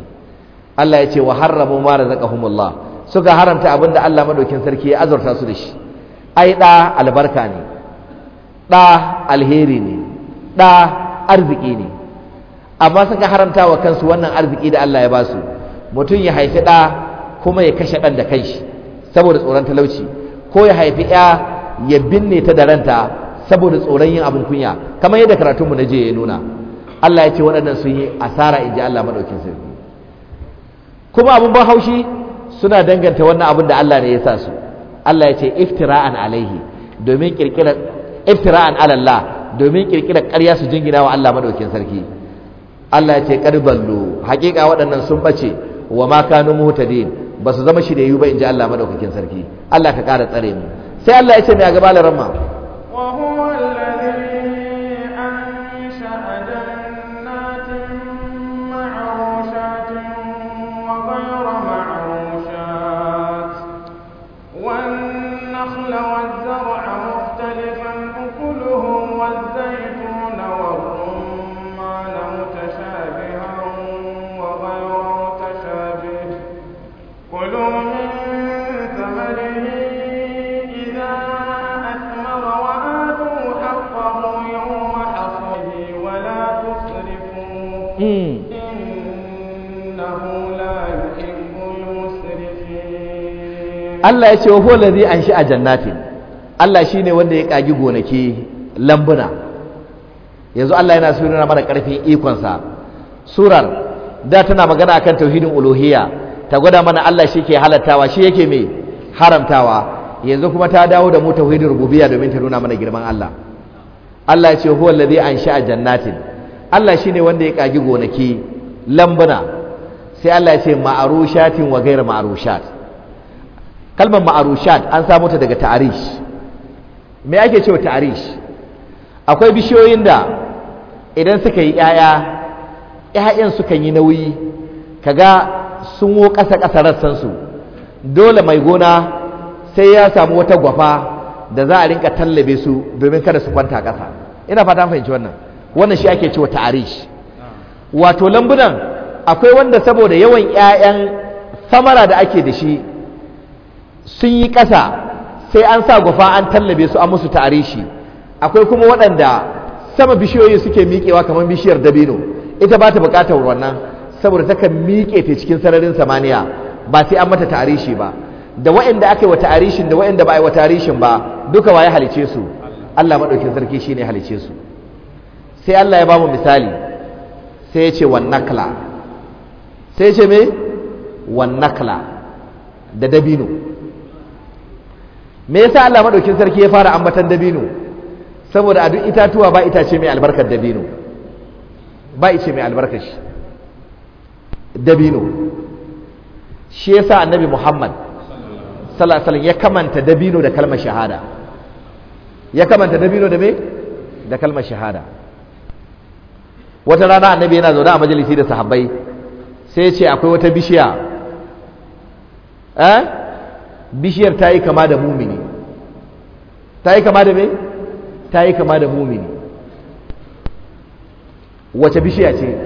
Allah ya ce wa harramu ma razaqahumullah suka haramta abinda Allah madaukin sarki ya azurta su da shi ai ɗa albarka ne ɗa alheri ne ɗa arziki ne amma suka haramta wa kansu wannan arziki da Allah ya ba su mutum ya haifi ɗa kuma ya kashe ɗan da kanshi saboda tsoron talauci ko ya haifi ya ya binne ta da ranta saboda tsoron yin abin kunya kamar yadda karatunmu na je ya nuna Allah ya ce waɗannan sun yi asara in ji Allah maɗaukin sarki kuma abin ban haushi suna danganta wannan abin da Allah ne ya sa su Allah ya ce iftira'an alaihi domin kirkirar iftira'an alallah domin kirkirar ƙarya su jingina wa Allah maɗaukin sarki Allah ya ce karballo haƙiƙa waɗannan sun ɓace wa ma kanu muhtadin ba su zama shiryayyu ba in ji Allah madaukakin sarki Allah ka ƙara tsare mu sai Allah ya ce mai a gaba ramma Allah ya ce wa huwa allazi anshi a jannatin Allah shine wanda ya kagi gonaki lambuna yanzu Allah yana so yana mana karfin ikon sa surar da tana magana akan tauhidin uluhiyya ta gwada mana Allah shi ke halattawa shi yake me haramtawa yanzu kuma ta dawo da mu tauhidin rububiyya domin ta nuna mana girman Allah Allah ya ce wa huwa anshi a jannatin Allah shine wanda ya kagi gonaki lambuna sai Allah ya ce ma'arushatin wa ghairu ma'arushat kalmar ma'arushat an samu ta daga ta'arish me ake cewa ta'arish akwai bishiyoyin da idan suka yi 'ya'ya 'ya'yan sukan yi nauyi kaga sun wo ƙasa ƙasa su dole mai gona sai ya samu wata gwafa da za a rinka tallabe su domin kada su kwanta ƙasa ina fata fahimci wannan wannan shi ake cewa ta'arish wato lambunan akwai wanda saboda yawan 'ya'yan samara da ake da shi sun yi ƙasa sai an sa gufa an tallabe su an musu ta'arishi akwai kuma waɗanda sama bishiyoyi suke miƙewa kamar bishiyar dabino ita ba ta buƙatar wannan saboda ta takan miƙe ta cikin sararin samaniya ba sai an mata ta'arishi ba da waɗanda aka yi wa ta'arishin da waɗanda ba a yi wa ta'arishin ba duka waye halice su Allah maɗaukin sarki ne halice su sai Allah ya ba mu misali sai ya ce wannakla nakla sai ya ce me wannakla da dabino me yasa Allah madaukin sarki ya fara ambatan dabino saboda a duk itatuwa ba ita ce mai albarkar dabino ba ice mai albarkar shi dabino shi yasa annabi Muhammad sallallahu alaihi ya kamanta dabino da kalmar shahada ya kamanta dabino da me da kalmar shahada wata rana annabi yana zaune a majalisi da sahabbai sai ya ce akwai wata bishiya eh bishiyar ta yi kama da mumini ta yi kama da me ta yi kama da mumini wace bishiya ce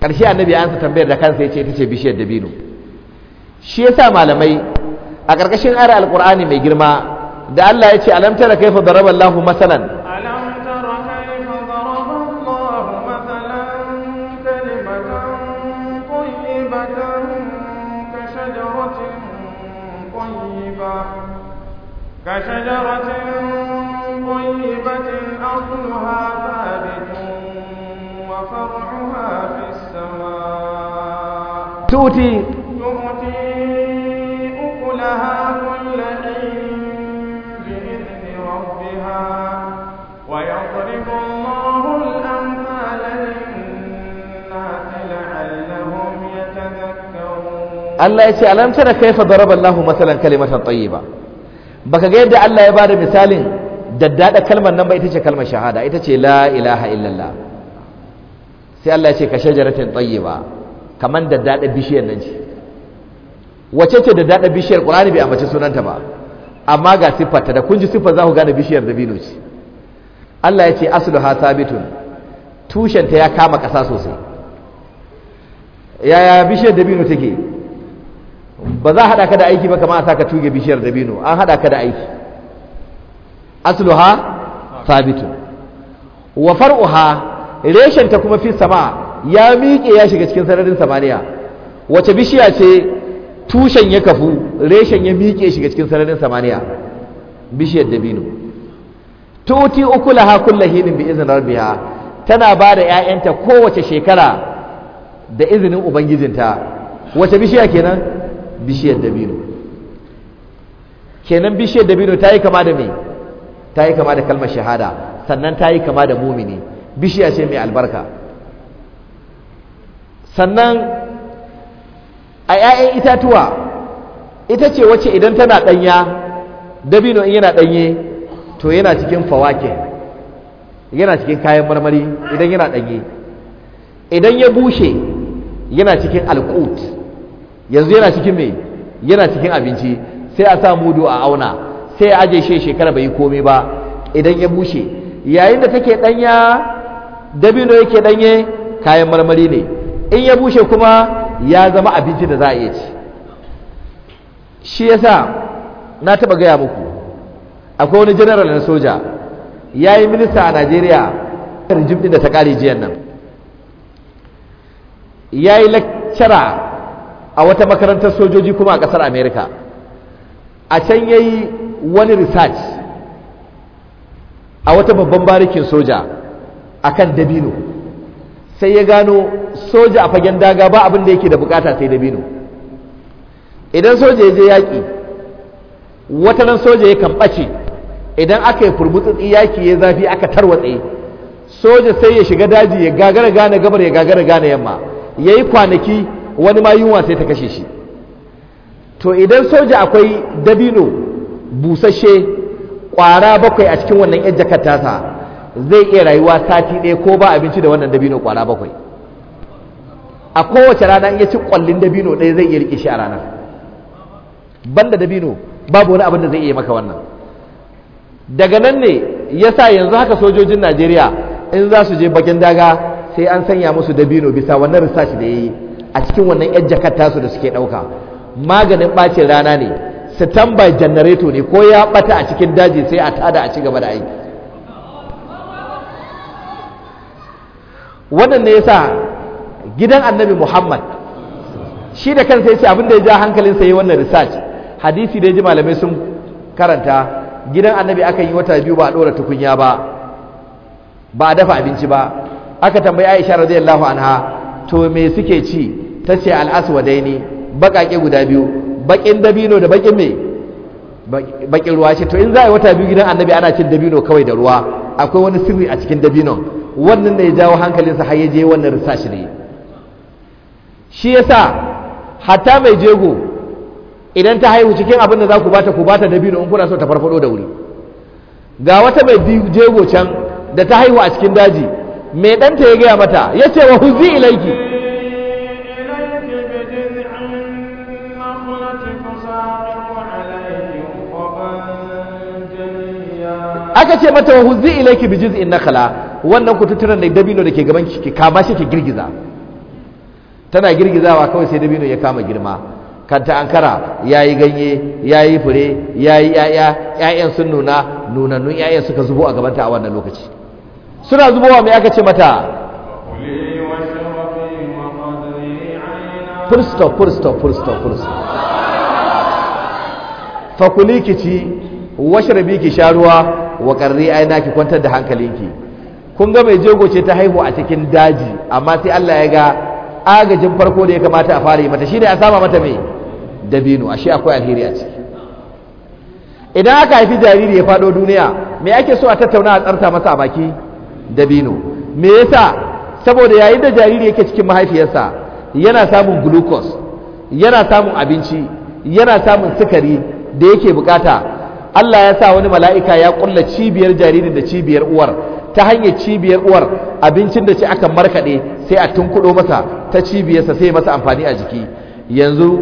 ƙarshe annabi ya ansa tambayar da kansa ya ce ita ce bishiyar dabino shi ya sa malamai a ƙarƙashin ayar alƙur'ani mai girma da Allah ya ce alam da kaifa daraba Allahu masanan. كشجرة طيبة أصلها ثابت وفرعها في السماء تؤتي تؤتي أكلها كل حين بإذن ربها ويضرب الله الأمثال للناس لعلهم يتذكرون الله يسأل ألم ترى كيف ضرب الله مثلا كلمة طيبة baka ga yadda Allah ya bada misalin daddada kalmar nan ba ita ce kalmar shahada ita ce la ilaha illallah sai Allah ya ce ka shajaratin tayyiba kaman daddada bishiyar nan ce wace ce daddada bishiyar Qur'ani bai ambaci sunanta ba amma ga ta da kun ji siffar za ku gane bishiyar da bino ce Allah ya ce asluha sabitun tushenta ya kama ƙasa sosai yaya bishiyar da bino take ba za a haɗa ka da aiki ba kama a sa ka tuge bishiyar dabino an haɗa ka da aiki asluha sabitu wa far'uha reshen ta kuma fi sama ya miƙe ya shiga cikin sararin samaniya wace bishiya ce tushen ya kafu reshen ya miƙe shiga cikin sararin samaniya bishiyar dabino tuti ukulaha kullahinin bi izin rabbiha tana ba da 'ya'yanta kowace shekara da izinin ubangijinta wace bishiya kenan bishiyar dabino kenan bishiyar dabino ta yi kama da mai ta yi kama da kalmar shahada sannan ta yi kama da mumini bishiya ce mai albarka sannan a 'ya'yan itatuwa ita ce wacce idan tana ɗanya dabino in yana ɗanye to yana cikin fawake yana cikin kayan marmari idan yana ɗanye idan ya bushe yana cikin alkut yanzu yana cikin mai yana cikin abinci sai a sa mudu a auna sai a aje shi shekara bai yi komai ba idan ya bushe yayin da take danya dabino yake danye kayan marmari ne in ya bushe kuma ya zama abinci da za a iya ci shi yasa na taba gaya muku akwai wani general na soja ya yi minista a najeriya rijim da ta ƙare jiyan nan ya yi lakcara a wata makarantar sojoji kuma a ƙasar Amerika, a can ya yi wani research a wata babban barikin soja a kan dabino sai ya gano soja a fagen daga ba abin da yake da bukata sai dabino idan soja ya je yaƙi wata nan soja ya kan ɓace idan aka yi furbutsutsi yaƙi ya zafi aka tarwatse soja sai ya shiga daji ya gagara gane gabar ya gagara gane yamma ya yi kwanaki wani ma yunwa sai ta kashe shi to idan soja akwai dabino busashe kwara bakwai a cikin wannan yan jakar zai iya rayuwa sati ɗaya ko ba abinci da wannan dabino kwara bakwai a kowace rana ya ci kwallin dabino ɗaya zai iya rike shi a ranar banda dabino babu wani abin da zai iya maka wannan daga nan ne ya sa yanzu haka sojojin najeriya in za su je bakin daga sai an sanya musu dabino bisa wannan risashi da ya yi a cikin wannan yan jakar tasu da suke ɗauka maganin ɓacin rana ne standby janareto ne ko ya ɓata a cikin daji sai a tada a ci gaba da aiki wannan ne yasa gidan annabi muhammad shi da kansa yace abin da ya ja sa yi wannan research hadisi da ya ji malamai sun karanta gidan annabi aka yi wata biyu ba a ɗora tukunya ba ba a dafa abinci ba aka tambayi aisha radiyallahu anha to me suke ci ta ce al'aswadai ne baƙaƙe guda biyu baƙin dabino da baƙin mai baƙin ruwa ce to in za a yi wata biyu gidan annabi ana cin dabino kawai da ruwa akwai wani sirri a cikin dabino wannan da ya jawo hankalinsa har ya je wannan shi ne shi ya sa hatta mai jego idan ta haihu cikin abin da za ku bata ku bata dabino in kuna so ta farfado da wuri ga wata mai jego can da ta haihu a cikin daji mai ɗanta ya gaya mata ya ce wa huzi ilaiki aka ce mata wa huzi ilaiki bi juz'in nakala wannan kututturen da dabino da ke gaban ki kama shi ki girgiza tana girgizawa kawai sai dabino ya kama girma kanta ankara yayi ganye yayi fure yayi yaya yayan sun nuna nunannun yayan suka zubo a gaban ta a wannan lokaci suna zubowa me aka ce mata full stop full stop full stop full stop fakuli ki ci washrabi ki sha ruwa wa qarri aina ki kwantar da hankalinki kun ga mai jego ce ta haihu a cikin daji amma sai Allah ya ga agajin farko da ya kamata a fara yi mata shine a sama mata mai dabino ashe akwai alheri a ciki idan aka haifi jariri ya fado duniya me ake so a tattauna a tsarta masa a baki dabino me yasa saboda yayin da jariri yake cikin mahaifiyarsa yana samun glucose yana samun abinci yana samun sukari da yake bukata Allah ya sa wani mala'ika ya ƙulla cibiyar jaririn da cibiyar uwar ta hanyar cibiyar uwar abincin da ce aka markaɗe sai a tunkuɗo masa ta cibiyarsa sai masa amfani a jiki yanzu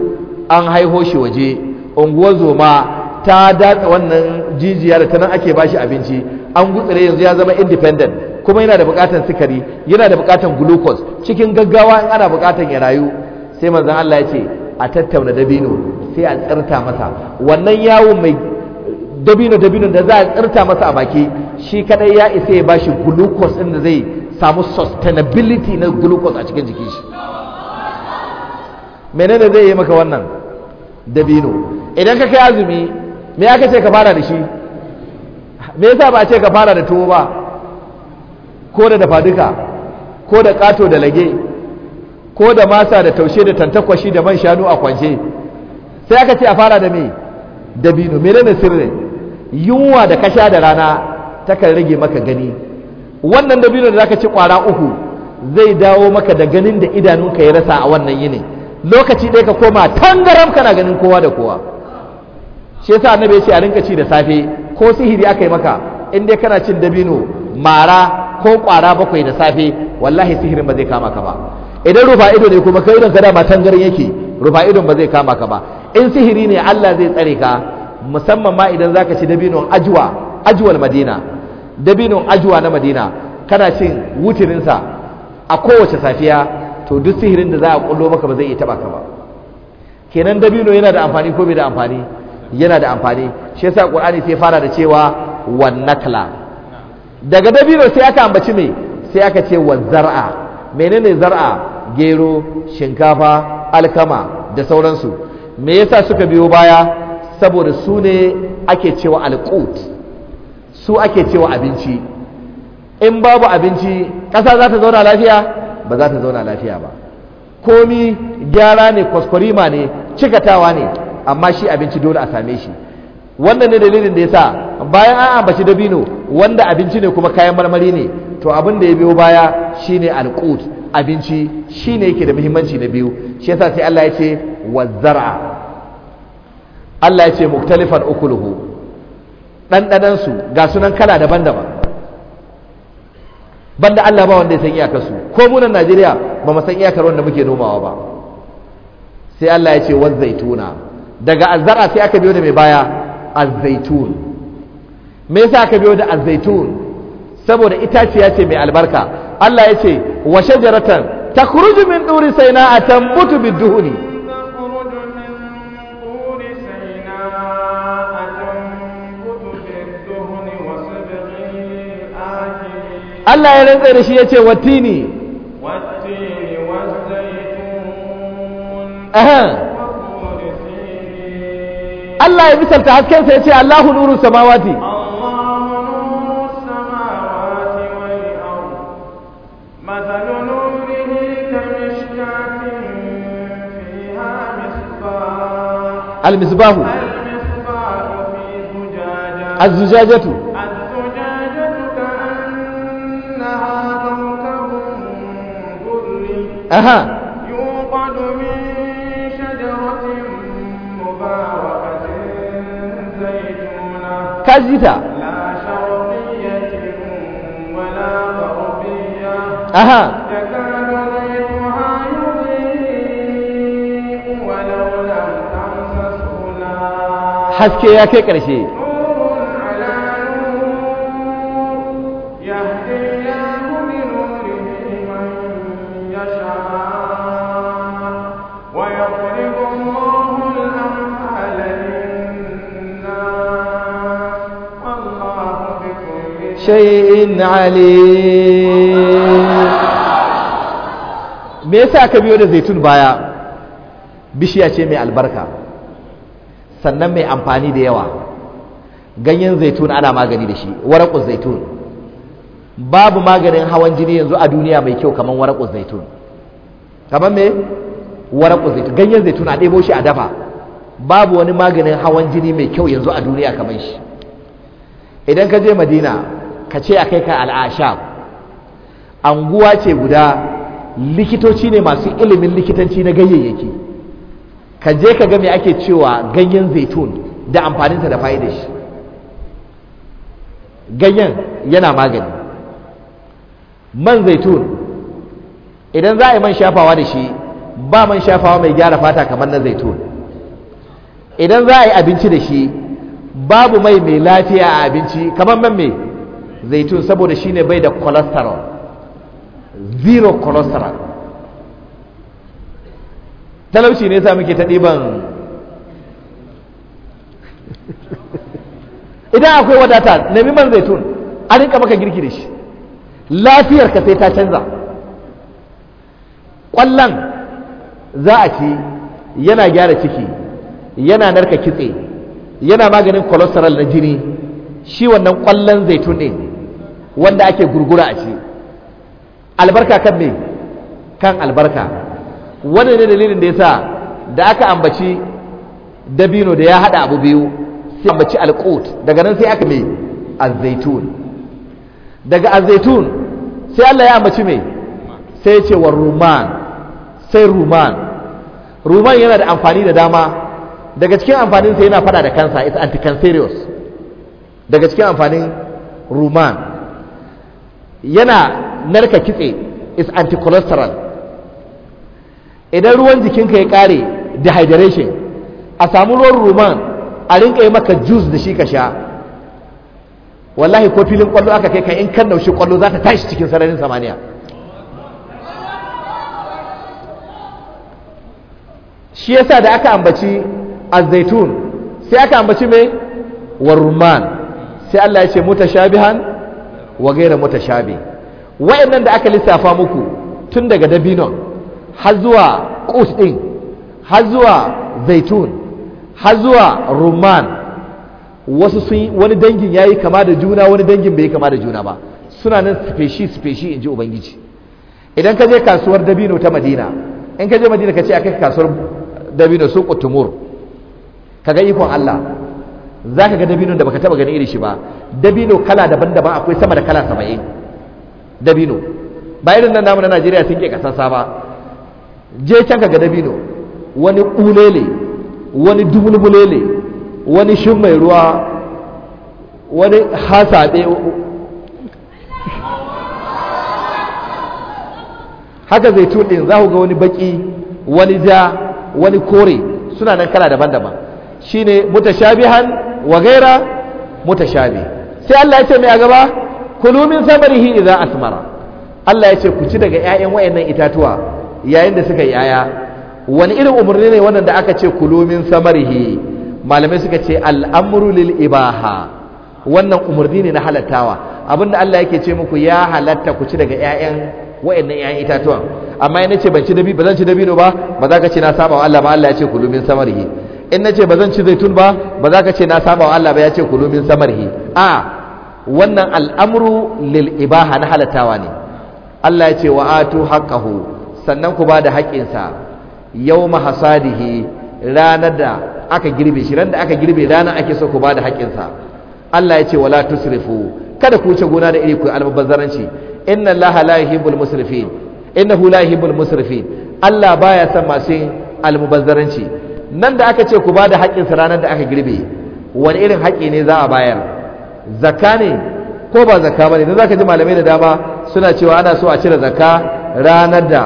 an haiho shi waje unguwar zoma ta datsa wannan jijiya da ta nan ake bashi abinci an gutsire yanzu ya zama independent kuma yana da buƙatar sukari yana da buƙatar glucose cikin gaggawa in ana buƙatar ya rayu sai manzon Allah ya ce a tattauna dabino sai a tsirta masa wannan yawon mai dabino dabino da za a tsirta masa a baki shi kadai ya isa ya bashi glucose din da zai samu sustainability na glucose a cikin jikin shi menene zai yi maka wannan dabino idan ka kai azumi me aka ce ka fara da shi me yasa ba a ce ka fara da tuwo ba ko da dafa duka ko da kato da lage ko da masa da taushe da tantakwashi da man shanu a kwance sai aka ce a fara da me dabino menene sirri. yunwa da kasha da rana takan rage maka gani wannan dabino da zaka ci kwara uku zai dawo maka da ganin da idanunka ya rasa a wannan yini lokaci ɗaya ka koma tangaram kana ganin kowa da kowa shi yasa annabi ya ce a rinka ci da safe ko sihiri aka yi maka in dai kana cin dabino mara ko kwara bakwai da safe wallahi sihirin ba zai kama ka ba idan rufa ido ne kuma kai idan ka dama tangaran yake rufa idon ba zai kama ka ba in sihiri ne Allah zai tsare ka musamman ma idan zaka ci dabinon ajwa ajwal madina dabinon ajwa na madina kana cin wutirinsa a kowace safiya to duk sihirin da za a kullo maka ba zai iya taba ka ba kenan dabino yana da amfani ko bai da amfani yana da amfani shi yasa qur'ani sai fara da cewa wan nakla daga dabino sai aka ambaci me sai aka ce wa zar'a menene zar'a gero shinkafa alkama da sauransu me yasa suka biyo baya saboda su ne ake cewa alƙut su ake cewa abinci in babu abinci ƙasa za ta zauna lafiya ba za ta zauna lafiya ba komi gyara ne kwaskwarima ne cikatawa ne amma shi abinci dole a same shi wannan ne dalilin da ya sa bayan an ambaci dabino wanda abinci ne kuma kayan marmari ne to abin da ya biyo baya shine alƙut abinci shi ne yake da muhimmanci na biyu shi yasa sai Allah ya ce wazzara Allah ya ce muktalifan ukuluhu ɗanɗanansu ga sunan kala daban-daban banda Allah ba wanda ya san iyakar su ko munan Najeriya ba mu san iyakar wanda muke nomawa ba sai Allah ya ce zaituna daga azzara sai aka biyo da mai baya azzaitun me yasa aka biyo da azzaitun saboda itaciya ce mai albarka Allah ya ce wa shajaratan takhruju min duri sayna atambutu biduhuni Allah ya rantsa da shi ya ce watini Allah ya misalta haskensa ya ce Allahu nuru samawati المصباح المصباح في زجاجة الزجاجة أها يوقد من شجرة مباركة زيتونة كجتا لا شرقية ولا غربية أها تكاد زيتها يضيء ولو لم تمسسه نار حسكي يا كيكرشي شيء عليم me yasa aka biyo da zaitun baya bishiya ce mai albarka sannan mai amfani da yawa ganyen zaitun ana magani da shi warakun zaitun babu maganin hawan jini yanzu a duniya mai kyau kamar warakun zaitun kamar me warakun zaitun ganyen zaitun a ɗebo shi a dafa babu wani maganin hawan jini mai kyau yanzu a duniya kamar shi idan ka je madina ka ce a kai ka al'asha, anguwa ce guda likitoci ne masu ilimin likitanci na ganyayyaki ka je ka ga me ake cewa ganyen zaitun da amfaninta da fa'idar shi ganyen yana magani man zaitun idan za a yi man shafawa da shi ba man shafawa mai gyara fata kamar na zaitun idan za a yi abinci da shi babu mai mai lafiya a abinci kamar man mai zaitun saboda shine bai da cholesterol zero cholesterol talauci ne sa muke ta ɗiban idan akwai wadata nemi man zaitun a rinka maka girki da shi lafiyar ka sai ta canza ƙwallon za a ci yana gyara ciki yana narka kitse yana maganin cholesterol na jini shi wannan ƙwallon zaitun ne wanda ake gurgura a ci. albarka kan me kan albarka wannan ne dalilin da ya sa da aka ambaci dabino da ya hada abu biyu sai ambaci alqut daga nan sai aka me zaitun. daga zaitun sai Allah ya ambaci me sai ce wa ruman sai ruman ruman yana da amfani da dama daga cikin amfaninsa yana fada da kansa it's anti-cancerous. daga cikin amfanin ruman yana narka kitse is anti-cholesterol idan ruwan jikinka ya kare dehydration a samu ruwan roman a rinka yi maka juice da shi ka sha wallahi ko filin kwallo aka kai ka in kan naushe kwallo za ta tashi cikin sararin samaniya shi yasa da aka ambaci azaitun sai aka ambaci mai warman sai Allah ya ce mutashabihan wa gaira mutashabi wayannan da aka lissafa muku tun daga dabinon har zuwa qus din har zuwa zaitun har zuwa rumman wasu sun wani dangin yayi kama da juna wani dangin bai kama da juna ba suna nan speci speci inji ubangiji idan ka je kasuwar dabino ta madina in ka je madina ka ce akai kasuwar dabino su qutumur kaga ikon Allah za ka ga dabino da baka taba gani irin shi ba dabino kala daban-daban akwai sama da kala saba'in dabino ba irin nan namu na najeriya sun ke kasassa ba je can ka ga dabino wani ƙulele wani dubulbulele wani shin mai ruwa wani hasabe haka zai ɗin za ku ga wani baki wani ja wani kore suna nan kala daban-daban shine mutashabihan wa gaira mutashabi sai Allah ya ce mai a gaba kulu min samarihi idza asmara Allah ya ce ku ci daga ƴaƴan wayannan itatuwa yayin da suka yaya. wani irin umarni ne wannan da aka ce kulu min samarihi malamai suka ce al'amru lil ibaha wannan umarni ne na halattawa abinda Allah yake ce muku ya halatta ku ci daga ƴaƴan wayannan ƴaƴan itatuwan amma yana ce ban ci dabi ba zan ci dabino ba ba za ka ce na saba wa Allah ba Allah ya ce kulu min samarihi in na ce ba zan ci zaitun ba ba za ka ce na saba wa Allah ba ya ce kulu min samarhi a wannan al'amru lil ibaha na halatawa ne Allah ya ce wa atu haqqahu sannan ku ba da haƙƙinsa yawma hasadihi ranar da aka girbe shi ranar da aka girbe ranar ake so ku ba da haƙƙinsa Allah ya ce wala tusrifu kada ku wuce gona da iri ku almubazzaranci inna Allah la yuhibbul musrifin innahu la yuhibbul musrifin Allah baya son masu almubazzaranci nan da aka ce ku ba da haƙƙinsa ranar da aka girbe wani irin haƙƙi ne za a bayar Zaka ne ko ba zaka ba ne don za ka ji malamai da dama suna cewa ana so a cire zaka ranar da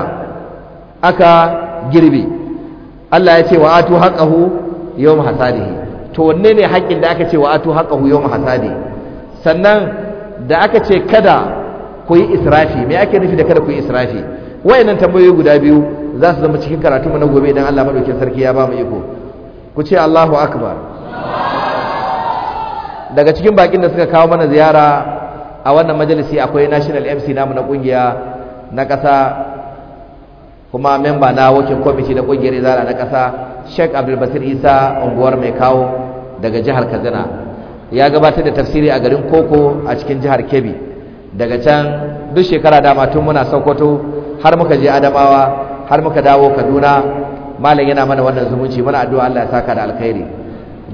aka girbe Allah ya ce wa atu haƙahu yau hasadihi to wanne ne haƙƙin da aka ce wa atu haƙahu yau hasadi sannan da aka ce kada ku yi israfi me ake nufi da kada ku yi israfi wayannan tambayoyi guda biyu za su zama cikin karatunmu na gobe idan Allah madaukin sarki ya ba mu iko ku ce Allahu akbar daga cikin bakin da suka kawo mana ziyara a wannan majalisi akwai national mc namu na kungiya na ƙasa kuma memba na wakin kwamiti na kungiyar izala na ƙasa sheikh abdulbasir isa unguwar mai kawo daga jihar kaduna ya gabatar da tafsiri a garin koko a cikin jihar kebbi daga can duk shekara dama tun muna sokoto har muka je adamawa har muka dawo Kaduna malam yana mana wannan zumunci muna addu'a Allah ya saka da alkhairi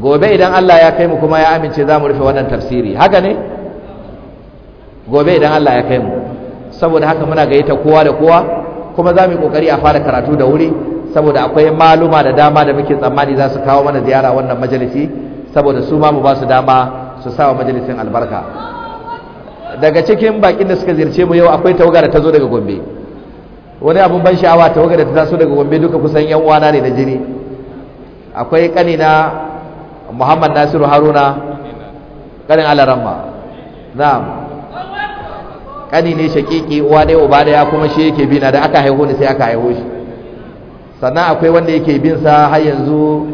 gobe idan Allah ya kai mu kuma ya amince za mu rufe wannan tafsiri haka ne gobe idan Allah ya kai mu saboda haka muna gayyata kowa da kowa kuma za mu yi kokari a fara karatu da wuri saboda akwai maluma da dama da muke tsammani za su kawo mana ziyara wannan majalisi saboda su ma mu ba su dama su sa wa majalisin albarka daga cikin bakin da suka ziyarce mu yau akwai tawaga da ta zo daga gombe wani abin ban sha'awa ta waga da ta taso daga gombe duka kusan yan uwana ne na jini akwai kanina muhammad nasiru haruna kanin alaramma na'am kani ne shakiki uwa ne uba ya kuma shi yake bina da aka haihu ne sai aka haihu shi sannan akwai wanda yake bin sa har yanzu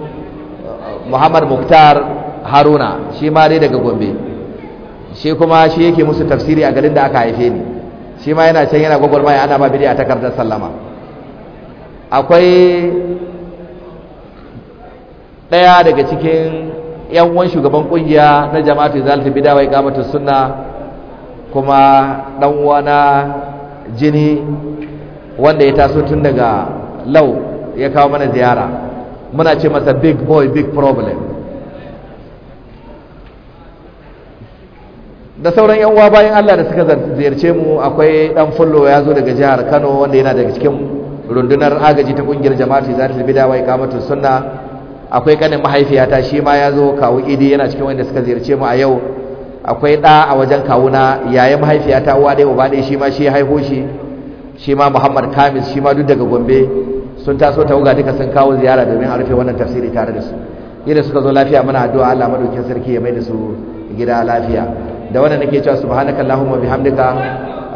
muhammad muktar haruna shi ma dai daga gombe shi kuma shi yake musu tafsiri a garin da aka haife ni shi ma yana can yana maya ana ma a takardar sallama akwai ɗaya daga cikin yan uwan shugaban kungiya na jama'atu zalta bid'a wa iqamatus sunna kuma dan jini wanda ya taso tun daga lau ya kawo mana ziyara muna ce masa big boy big problem da sauran yan uwa bayan Allah da suka ziyarce mu akwai dan fullo ya zo daga jihar Kano wanda yana daga cikin rundunar agaji ta kungiyar jama'ati za ta bida wa ikamatu sunna akwai kanin ta shi ma ya zo kawo idi yana cikin wanda suka ziyarce mu a yau akwai da a wajen kawuna yayin mahaifiya ta uwa ɗaya uba ɗaya shi ma shi haihu shi shi ma muhammad kamis shi ma duk daga gombe sun taso ta wuga duka sun kawo ziyara domin a rufe wannan tafsiri tare da su yadda suka zo lafiya muna addu'a allah madaukakin sarki ya mai da su gida lafiya da wannan nake cewa subhanakallahumma bihamdika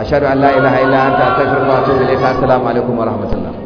ashhadu an la ilaha illa anta astaghfiruka wa atubu ilayka assalamu alaikum wa rahmatullah